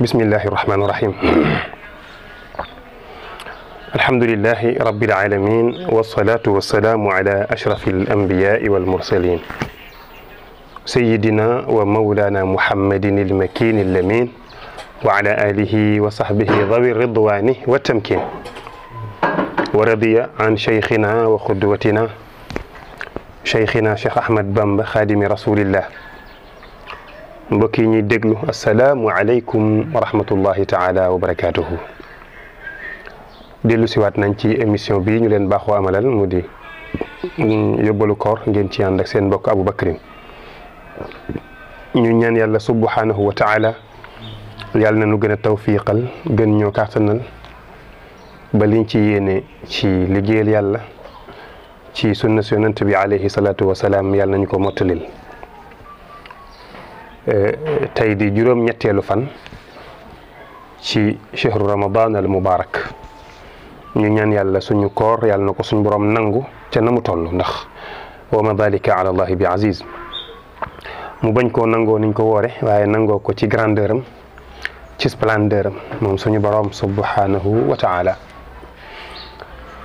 بسم الله الرحمن الرحيم الحمد لله رب العالمين والصلاة والسلام على أشرف الأنبياء والمرسلين سيدنا ومولانا محمد المكين اللمين وعلى آله وصحبه ذوي الرضوان والتمكين ورضي عن شيخنا وقدوتنا شيخنا شيخ أحمد بامب خادم رسول الله mbokk yi ñuy déglu asalaamu aleykum wa rahmatullahi taala wa barakaatuhu dellu siwaat nañ ci émission bi ñu leen baaxoo amalal mu di yóbbalu koor ngeen ci ànd ak seen mbokk Abu Bakrin ñu ñaan yàlla subhanahu wa taala na nu gën a tawfiiqal gën ñoo kàttanal ba liñ ci yéene ci liggéeyal yàlla ci sunna su yonent bi alayhi salaatu wasalaam yàlla nañu ko mottalil Euh, tey di juróom ñetteelu fan ci chehru ramadan al mubarak ñu ñaan yàlla suñu koor yàlla na ko suñu borom nangu ca na mu toll ndax wa ma dalika ala allahi bi aziz mu bañ ko nangoo niñ ko woore waaye nangoo ko ci grandeur am ci splendeur am moom suñu borom subhanahu wa taala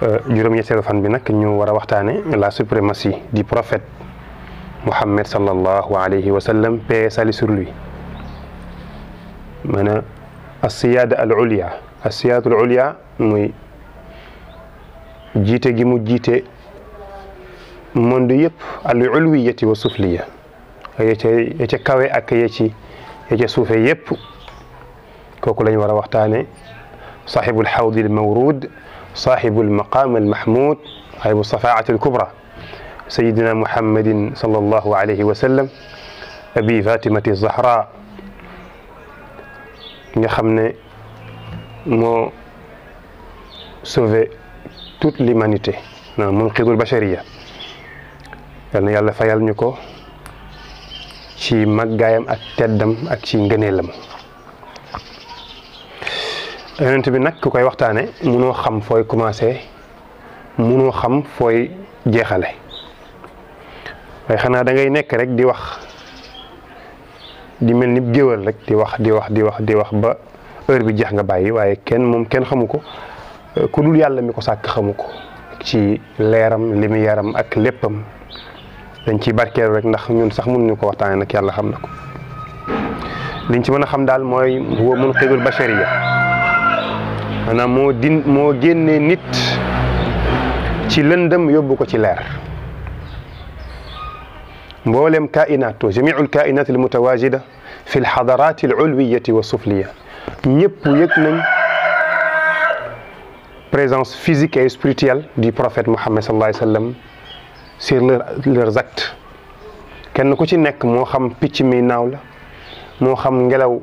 euh, juróom ñetteelu fan bi nag ñu war a waxtaane la suprématie du prophète محمد صلى الله عليه وسلم بيسالي سرلي من السيادة العليا السيادة العليا موي جيتة جمو جيتة منذ يب العلوية والسفلية يتي كاوي أك يتي يتي سوف يب كوكو لاني ورا وقتاني صاحب الحوض المورود صاحب المقام المحمود صاحب الصفاعة الكبرى سيدنا محمد صلى الله عليه وسلم أبي فاطمة الزهراء nga xam ne moo sauvé toute l'humanité non munqidul bashariya yal na yàlla fayal ñu ko ci màggaayam ak teddam ak ci ngëneelam yonent bi nag ku koy waxtaane munoo xam fooy commencé munoo xam fooy jeexale xanaa dangay nekk rek di wax di mel ni géwal rek di wax di wax di wax di wax ba heure bi jeex nga bàyyi waaye kenn moom kenn xamu ko ku dul yàlla mi ko sàkk xamu ko ci leeram li mu yaram ak léppam dañ ciy barkeelu rek ndax ñun sax mënuñu ko waxtaanee nag yàlla xam na ko liñ ci mën a xam daal mooy huwa ba bashariya maanaam moo din moo génnee nit ci lëndëm yóbbu ko ci leer mboolem kainaatu jamiul kainat al mutawajida fi l xadaraat al ulwiyati wa sufliya ñëpp yëg nañ présence physique et spirituelle du prophète Mohammed sallallahu alayhi wa sallam sur leur leurs actes kenn ku ci nekk moo xam picc mi naaw la moo xam ngelaw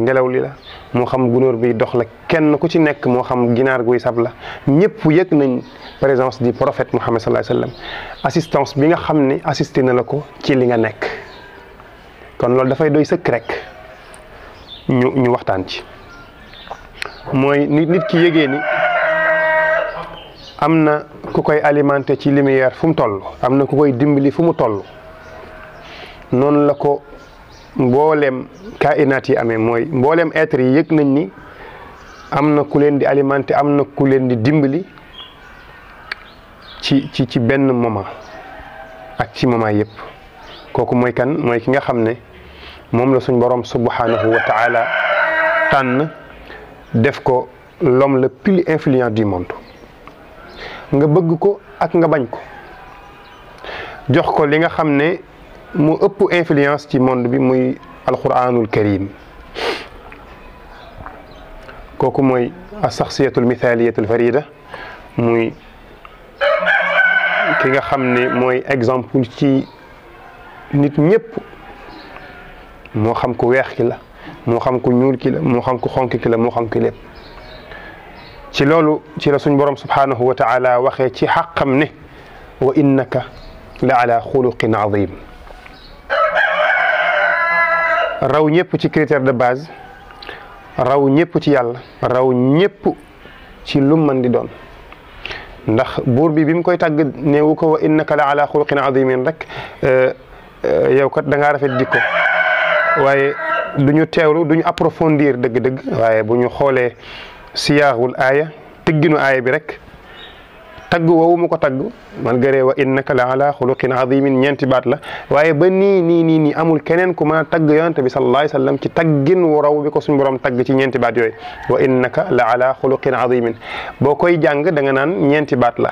ngelaw li la moo xam gunóor bi dox la kenn ku ci nekk moo xam ginaar guy sab la ñëpp yëg nañ présence du prophète Muhammad sallallahu alayhi wa sallam assistance bi nga xam ne assisté na la ko ci li nga nekk kon loolu dafay doy sëkk rek ñu ñu waxtaan ci mooy nit nit ki yëgee ni am na ku koy alimenter ci lumière fu mu toll am na ku koy dimbali fu mu toll noonu la ko mbooleem kainaat yi amee mooy mbooleem être yéeg nañ ni am na ku leen di alimenter am na ku leen di dimbali ci ci ci benn moment ak ci moment yëpp kooku mooy kan mooy ki nga xam ne moom la suñ boroom subhanahu wa taala tànn def ko l'homme le plus influent du monde nga bëgg ko ak nga bañ ko jox ko li nga xam ne mo ëpp influence ci monde bi muy alquranul karim kooku mooy asaxsiyatul mithaliyatul farida muy ki nga xamne moy exemple ci nit ñëpp mo xam ku wex ki la mo xam ku ñuul ki la mo xam ku xonk ki la mo xam ki lépp ci lolu ci la suñ borom subhanahu wa taala waxe ci haqam ne wa innaka la ala khuluqin azim raw ñëpp ci critère de base raw ñëpp ci yàlla raw ñëpp ci lu mën di doon ndax buur bi bi mu koy tàgg neewu ko wa innaka la ala xuluqin azimin rek euh, euh, yow kat da ngaa rafet jikko waaye du ñu teewlu du ñu approfondir dëgg-dëgg waaye bu ñu xoolee siyaagul aaya tëgginu aaya bi rek tagg woowu mu ko tagg malgré wa innaka la ala xuluqin azimin ñeenti baat la waaye ba nii nii nii nii amul keneen ku mën a tagg yonente bi sallallahu alayhi wa sallam ci taggin wu raw bi ko suñu borom tagg ci ñeenti baat yooyu wa innaka la ala xuluqin azimin boo koy jàng da nga naan ñeenti baat la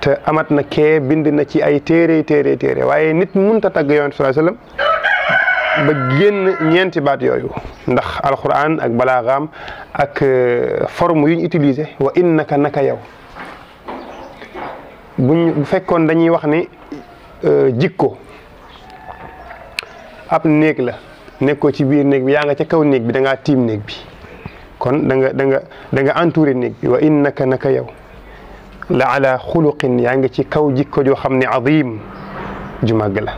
te amat na kee bind na ci ay téere téere téere waaye nit munta ta yonente sallallahu alayhi wa sallam ba ñeenti baat yooyu ndax alquran ak balaaxaam ak euh, forme yu ñu utilisé wa innaka naka yow buñ bu fekkoon dañuy wax ni euh, jikko ab néeg la nekkoo ci biir néeg bi yaa nga ca kaw néeg bi da tiim néeg bi kon danga nga da nga da nga entouré néeg bi wa innaka naka yow la ala yaa ngi ci kaw jikko joo xam ni azim ju màgg la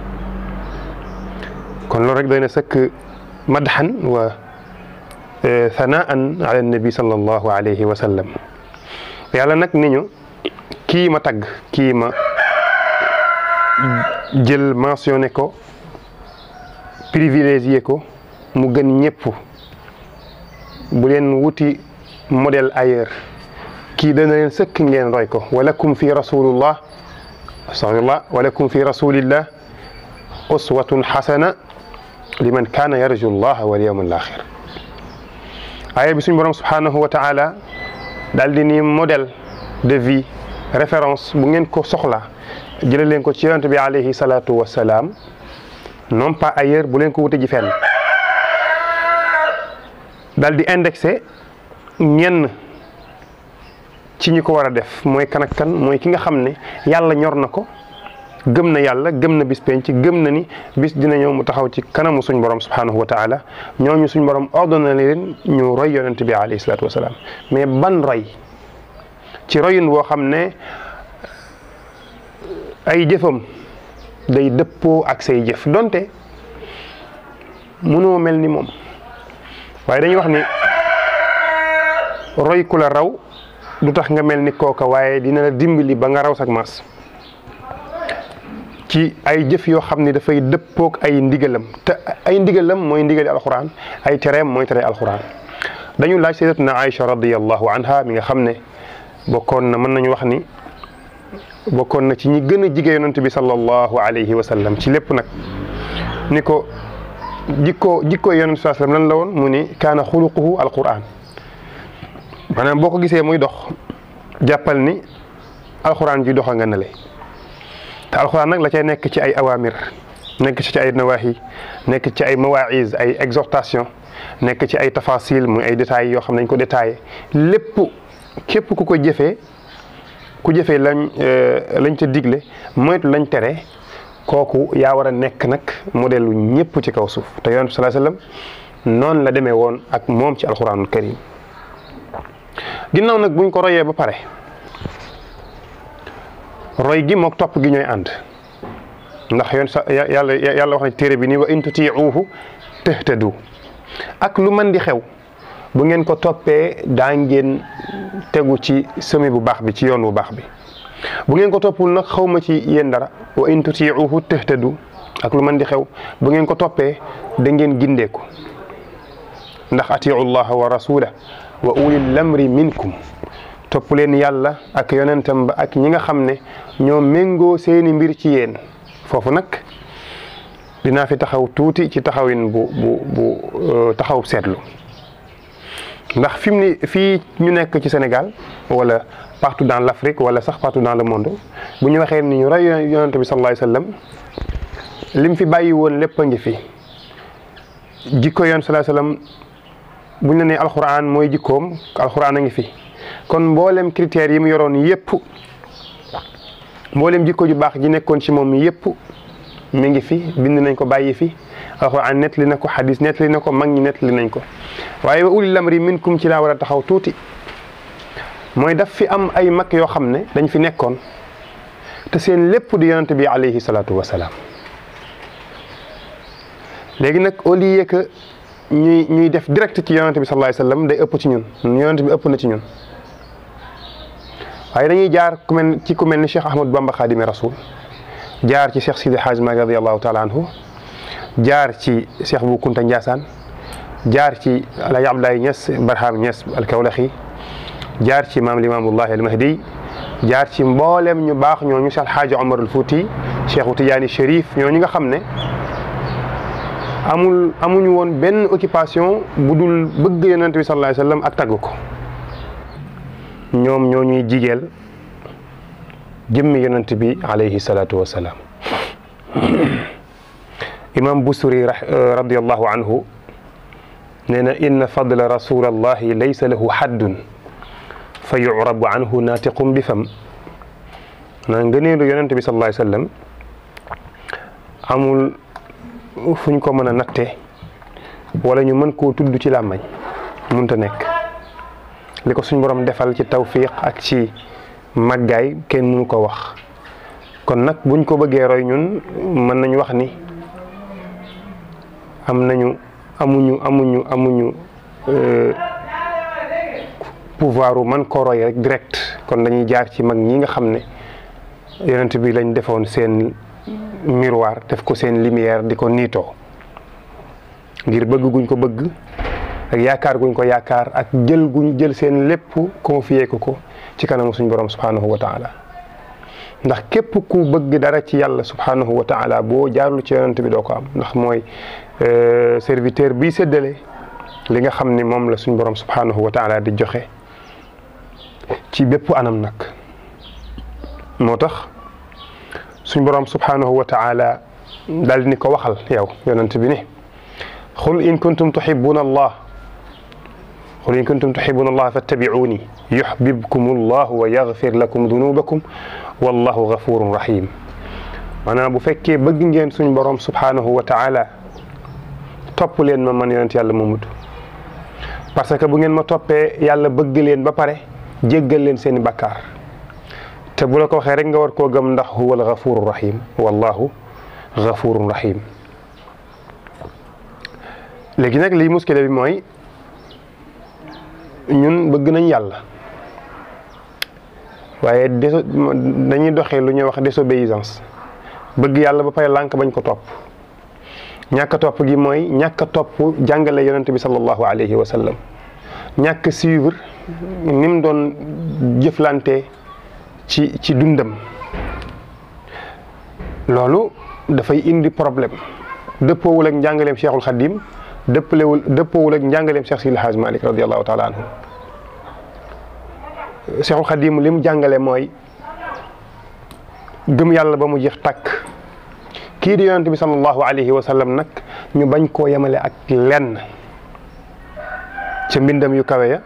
kon loolu rek doy na sëkk madxan wa thanaan euh, ala nabi sallallahu alayhi wa sallam yàlla nag ni kii ma tagg kii ma jël mentionné ko privilégié ko mu gën ñëpp bu leen wuti modèle ailleurs kii dana leen sëkk ngeen roy ko walakum fi rasulullah astaghfirullah walakum fi rasulillah uswatun xasana liman kaana yarju llah wal yawm al axir aaya bi suñ borom subhanahu wa taala daal di ni modèle de vie référence bu ngeen ko soxla jëlee leen ko ci yonent bi alayhi salaatu wa salaam non pas ailleurs bu leen ko wute ji fenn dal di indexé ñenn ci ñi ko war a def mooy kan ak kan mooy ki nga xam ne yàlla ñor na ko gëm na yàlla gëm na bis ci gëm na ni bis dina ñëw mu taxaw ci kanamu suñ borom subhanahu wa taala ñooñu suñ borom ordonné leen ñu roy yonent bi alayhi salaatu wa salaam mais ban roy. ci royun woo xam ne ay jëfam day dëppoo ak say jëf donte mënoo mel ni moom waaye dañuy wax ni roy ku la raw du tax nga mel ni kooka waaye dina la dimbali ba nga raw sag maas ci ay jëf yoo xam ne dafay dëppook ay ndigalam te ay ndigalam mooy ndigali alxuraan ay tereem mooy tere alxuraan dañu laaj sayyidatuna Aïcha radiyallahu anha mi nga xam ne bokkoon na mën nañu wax ni bokkoon na ci ñi gën a jige yonent bi sallallahu alayhi wa sallam ci lépp nag ni ko jikko jikko yonent bi sallam lan la woon mu ni kaana xuluquhu alquran maanaam boo ko gisee muy dox jàppal ni alquran ji doxa nga ne le te alquran nag la cay nekk ci ay awamir nekk ci ay nawahi nekk ci ay mawaïs ay exhortation nekk ci ay tafasil muy ay détails yoo xam nañ ko détaillé lépp képp ku ko jëfee ku jëfee lañ eh, lañ ca digle moytu lañ tere kooku yaa war a nekk nag modèle lu ñëpp ci kaw suuf te yonent bi sallallahu alayhi wasallam noonu la demee woon ak moom ci alxuraanul karim ginnaaw nag buñ ko royee ba pare roy gi mook topp gi ñooy ànd ndax yoon sa yàlla yàlla wax na téere bi nii wa in tutiuhu tahtadu ak lu mën di xew bu ngeen ko toppee daa ngeen tegu ci semi bu baax bi ci yoon bu baax bi bu ngeen ko toppul nag ma ci yéen dara wa in tutiuhu tahtadu ak lu mën di xew bu ngeen ko toppee da ngeen gindeeku ndax atiu llaha wa rasulah wa ulil amri minkum topp leen yàlla ak yonentam ba ak ñi nga xam ne ñoo méngoo seeni mbir ci yéen foofu nag dinaa fi taxaw tuuti ci taxawin bu bu bu euh, taxaw seetlu ndax fi mu ñu nekk ci Sénégal wala partout dans l'Afrique wala sax partout dans le monde bu ñu waxee ni ñu rey yonante bi sallallahu alayhi wasallam lim fi bàyyi woon lépp a ngi fi jikko yoon sallallahu alayhi wasallam bu ñu ne nee alxuraan mooy jikkoom alxuraan a ngi fi kon mboolem critère yi mu yoroon yépp mboolem jikko ju baax ji nekkoon ci moom yépp mi ngi fi bind nañ ko bàyyi fi alxuraan nettali na ko xadis nettali na ko mag ñi nettali nañ ko waaye wa ulil amri minkum ci laa war a taxaw tuuti mooy daf fi am ay mag yoo xam ne dañ fi nekkoon te seen lépp di yonante bi alayhi salaatu wasalaam léegi nag au lieu que ñuy ñuy def direct ci yonante bi sallallahu alayhi wasallam day ëpp ci ñun yonante bi ëpp na ci ñun waaye dañuy jaar ku mel ci ku mel Cheikh Ahmad Bamba Xaadimi Rasul jaar ci Cheikh Sidi Hadj Maag radiyallahu taala anhu jaar ci Cheikh Bou Kounta Ndiassane jaar ci Alaaji Abdoulaye Niass Barham Niass al-Kawlaxi jaar ci maam Limaamullahi al-Mahdi jaar ci mboolem ñu baax ñooñu Cheikh Alxaaji Omar al Fouti Cheikhu Tidiane Chérif ñooñu nga xam ne amul amuñu woon benn occupation bu dul bëgg yonent bi ak tagg ko ñoom ñoo ñuy jigeel jëmmi yonent bi alayhi salaatu wa salaam imam busuri radiallahu anhu nee na inna fadla rasulallahi laysa lahu xaddun fa yurabu anhu naatiqum bi fam naa ngëneelu yonente bi sallallahu alayhi wasallam amul fuñ ko mën a natte wala ñu mën koo tudd ci làmmañ munta nekk li ko suñ borom defal ci tawfiq ak ci màggaay kenn mënu ko wax kon nag buñ ko bëggee roy ñun mën nañ wax ni amnañu amuñu amuñu amuñu euh pouvoiru man ko roy rek direct kon dañuy jaar ci mag ñi nga xamne ne yonent bi lañ defoon seen miroir def ko seen lumière diko nito ngir bëgg guñ ko bëgg ak yaakar guñ ko yaakar ak jël guñ jël seen lepp confier ko ko ci kanam suñu borom subhanahu wa taala ndax kep ku bëgg dara ci yalla subhanahu wa taala bo jaarul ci yonent bi do ko am ndax moy serviteur bi sédélé li nga xamni mom la suñu borom subhanahu wa taala di joxe ci bép anam nak motax suñu borom subhanahu wa taala dal ni ko waxal yow yonent bi ni khul in kuntum tuhibbun allah khul قل إن كنتم تحبون الله فاتبعوني يحببكم الله ويغفر لكم ذنوبكم والله غفور رحيم أنا أبو فكي بجنجين سن بروم سبحانه وتعالى topp leen ma man yonent yàlla Mamadu parce que bu ngeen ma toppee yàlla bëgg leen ba pare jéggal leen seeni bakkaar te bu la ko waxee rek nga war koo gëm ndax huwal gafuru rahim wallahu gafurun rahim léegi nag lii muskile bi mooy ñun bëgg nañ yàlla waaye dañuy doxee lu ñuy wax désobéissance bëgg yàlla ba pare lànk bañ ko topp ñàkk topp gi mooy ñàkk topp jàngale yonent bi sallallahu alayhi wa sallam ñàkk suivre ni mu doon jëflante ci ci dundam loolu dafay indi problème dëppoowul ak njàngaleem cheikhul xadim dëppalewul dëppoowul ak njàngaleem cheikh Sidi El Hadj Malick li mu jàngale mooy gëm yàlla ba mu jeex tàkk kii di yonent bi sallallahu alayhi wa sallam nag ñu bañ koo yemale ak lenn ca mbindam yu kawe ya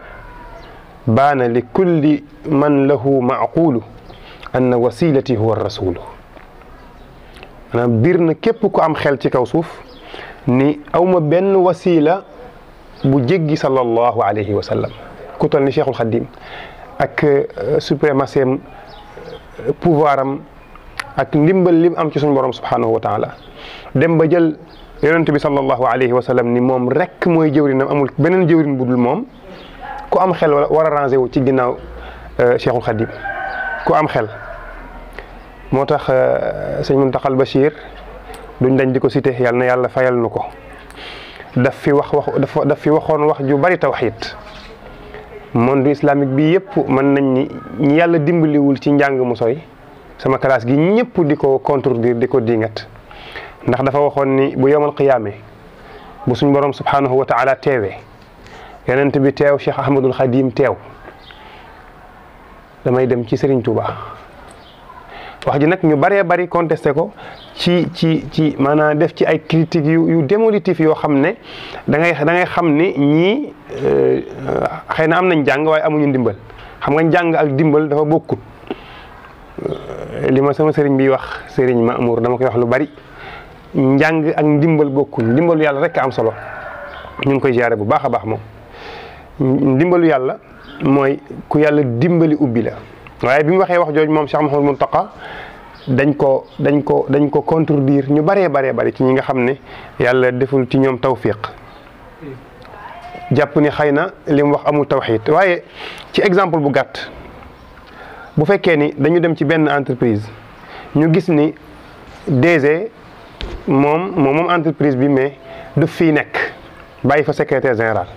baana li kulli man lahu maaqulu anna wasilati huwa rasulu maanaam biir na képp ku am xel ci kaw suuf ni awma benn wasila bu jéggi sallallahu alayhi wa sallam ku toll ni cheikhul xadim ak suprématie pouvoir am ak ndimbal lim am ci suñu borom subhanahu wa taala dem ba jël yaronte bi sallallahu alayhi wa sallam ni mom rek moy jeewrinam amul benen jeewrin budul mom ku am xel wara ranger wu ci ginnaaw cheikhul khadim ku am xel motax seigne muntakhal bashir duñ dañ diko cité yàlla na yàlla fayal nuko daf fi wax wax daf fi waxon wax ju bari tawhid monde islamique bi yëpp man nañ ni ñi yàlla wul ci njàng mu soy sama classe gi ñëpp di ko contredire di ko diingat ndax dafa waxoon ni bu yowmal qiyaame bu suñ borom subhanahu wa taala teewee yonent bi teew Cheikh Ahmadul Xadim teew damay dem ci Serigne Touba wax ji nag ñu bëree bari contesté ko ci ci ci maanaam def ci ay critiques yu yu démolitif yoo xam ne da ngay da xam ni ñii euh, xëy na am nañ jàng waaye amuñu ndimbal xam nga jàng ak ndimbal dafa bokkut. Euh, li ma sama sëriñ bi wax sëriñ Mamour dama koy wax lu bari njàng ak ndimbal bokkul ndimbalu yàlla rek am solo ñu ngi koy jaare bu baax a baax moom. ndimbalu yàlla mooy ku yàlla dimbali ubbi la waaye bi mu waxee wax jooju moom Cheikh Mouhamadou Mountakha dañ ko dañ ko dañ ko contredire ñu baree baree bari ci ñi nga xam ne yàlla deful ci ñoom tawfiq jàpp ni xëy na li mu wax amul tawxiid waaye ci exemple bu gàtt. bu fekkee ni dañu dem ci benn entreprise ñu gis ni DG moom moom moom entreprise bi mais du fii nekk bàyyi fa secretaire général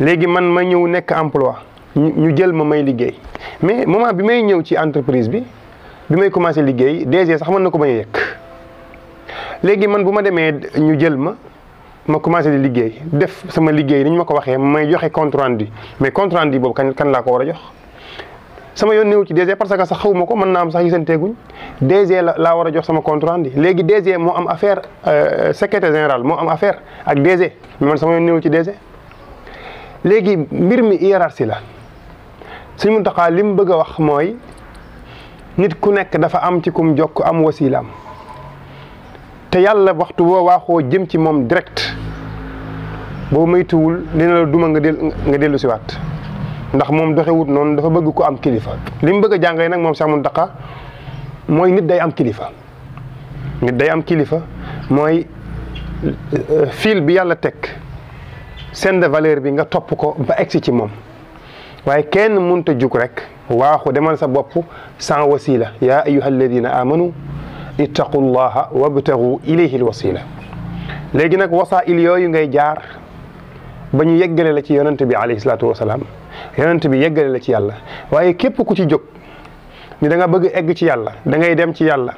léegi man ma ñëw nekk emploi ñu jël ma may liggéey mais moment bi may ñëw ci entreprise bi bi may commencé liggéey DG sax mën na ko bañ a léegi man bu ma demee ñu jël ma ma commencé di liggéey def sama liggéey ni ñu ma ko waxee may joxe compte rendu mais compte rendu boobu kan kan laa ko war a jox. sama yoon néew ci DG parce que sax xawuma ko mën naa am sax gisanteeguñ DG la laa war a jox sama compte rendu léegi DG moo am affaire euh, secrétaire général moo am affaire ak DG mais sama yoon néew ci DG. léegi mbir mi hiérarchie la suñ mun taxaa li mu bëgg a wax mooy nit ku nekk dafa am ci kum jokk am wasilaam te yàlla waxtu boo waaxoo jëm ci moom direct boo moytuwul dina la duma nga del nga dellu ndax moom doxewut noonu dafa bëgg ko am kilifa li bëgg jàngee jàngale nag moom Cheikh Mountakha mooy nit day am kilifa nit day am kilifa mooy euh, fil bi yàlla teg seen de valeur bi nga topp ko ba egsi ci moom waaye kenn mënut a jug rek waaxu demal sa bopp sans wasila yaa ayyuha alladina amanu ittaqullaha wabtagu ilayhi alwasila léegi nag wasaa'il yooyu ngay jaar bañu ñu la ci yonent bi alayhi salaatu wasalaam yonent bi yeggale la ci yàlla waaye képp ku ci jóg ni da nga bëgg egg ci yàlla da ngay dem ci yàlla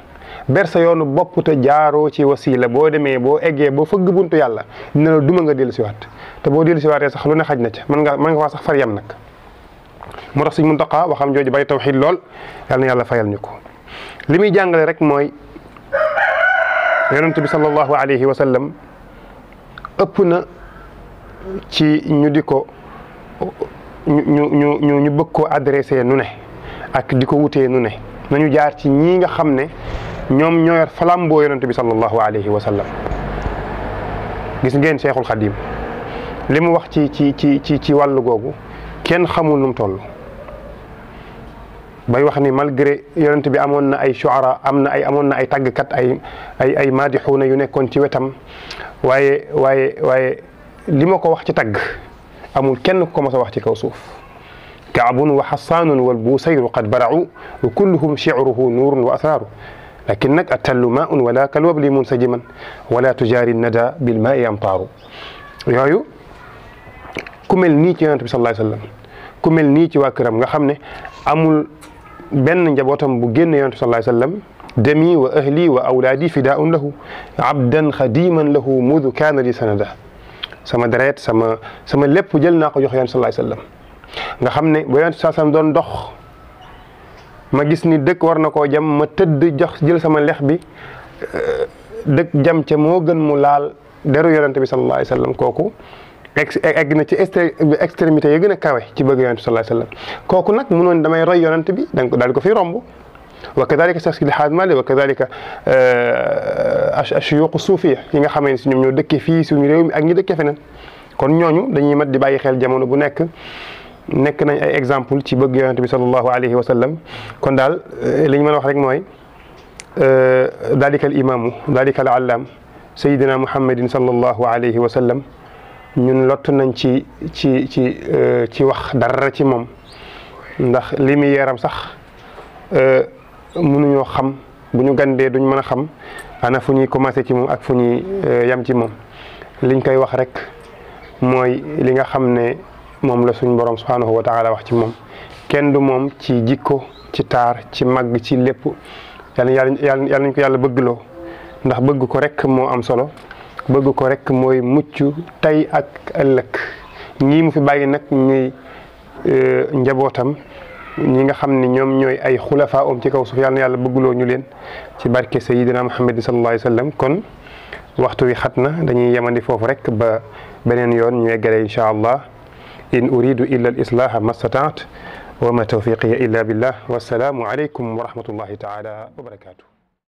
ber sa yoonu bopp jaaroo ci wasiila boo demee boo eggee boo fëgg buntu yàlla dina la duma nga dellu siwaat te boo dellu siwaatee sax lu ne xaj na ca mën nga mën nga faa sax far nag moo tax suñ Muntaqa waxam jooju bay tawxiid lool yal na yàlla fayal ñu ko li muy jàngale rek mooy yonent bi sallallahu alayhi wa sallam ëpp na ci ñu di ko ñu ñu ñu ñu bëgg koo adressé nu ne ak di ko wutee nu ne nañu jaar ci ñii nga xam ne ñoom ñoo yor flambeau yonent bi sallallahu alayhi wa sallam gis ngeen Cheikhul Khadim li mu wax ci ci ci ci ci wàllu googu kenn xamul nu mu toll bay wax ni malgré yonent bi amoon na ay shuara am na ay amoon na ay tàggkat ay ay ay maadixuuna yu nekkoon ci wetam waaye waaye waaye li ma ko wax ci tàgg amul kenn ku ko mos a wax ci kaw suuf kaabun wa xasaanun wal buusayru qad baracu wa kulluhum shiruhu nuurun wa asraaru lakin nag atallu maun wala kalwabli munsajiman wala tujaari nada bil maai amtaaru yooyu ku mel nii ci yonent bi sallallahu alayhi wasallam ku mel nii ci waa këram nga xam ne amul benn njabootam bu génn yonent bi sallallahu alayhi wasallam demi wa ahli wa awlaadi fidaun lahu abdan xadiman lahu mudu kaana li sanada sama deret sama sama lépp jël naa ko jox yonent salaay sallam nga xam ne ba yonent salaay sallam doon dox ma gis ni dëkk war na koo jam ma tëdd jox jël sama lex bi euh, dëkk jam ca moo gën mu laal deru yonent bi salaay sallam kooku egg na ci extrémité yi gën a kawe ci bëgg yonent salaay sallam kooku nag munoon damay roy yonent bi danga daal ko fi romb وكذلك سكسك الحاد مالي وكذلك آه، أش الشيوخ الصوفية كيما خامين سنو دكي في سنو ريوم أني دكي فنان كون نيونيو دني مد باي خيل جامونو بو نك نك نا اي اكزامبل تي بوغ يونتبي صلى الله عليه وسلم كون دال لي مانا واخ موي ذلك الامام ذلك العلام سيدنا محمد صلى الله عليه وسلم ñun lott nañ ci ci ci euh, ci wax dara ci mom ndax limi yaram sax euh mënuñoo xam bu ñu gandee duñ mën a xam ana fu ñuy commencé ci moom ak fu ñuy euh, yam ci moom liñ koy wax rek mooy li nga xam ne moom la suñ borom subhanahu wa taala wax ci moom kenn du moom ci jikko ci taar ci màgg ci lépp yàlla yàlla nañ ko yàlla loo ndax bëgg ko rek moo am solo bëgg ko rek mooy mucc tey ak ëllëg ñii mu fi bàyyi nag ñuy euh, njabootam ñi nga xam ne ñoom ñooy ay xulafaa om um ci kaw suuf yàlla na yàlla bëgguloo ñu leen ci barke sayidina muhammad sallallahu alayhi wa sallam kon waxtu wi xat na dañuy yemandi foofu rek ba beneen yoon ñu eggale incha allah in uridu illa al islaha mastataat wa ma tawfiqiya illa billah wassalaamu alaykum wa rahmatullahi taala wa barakaatu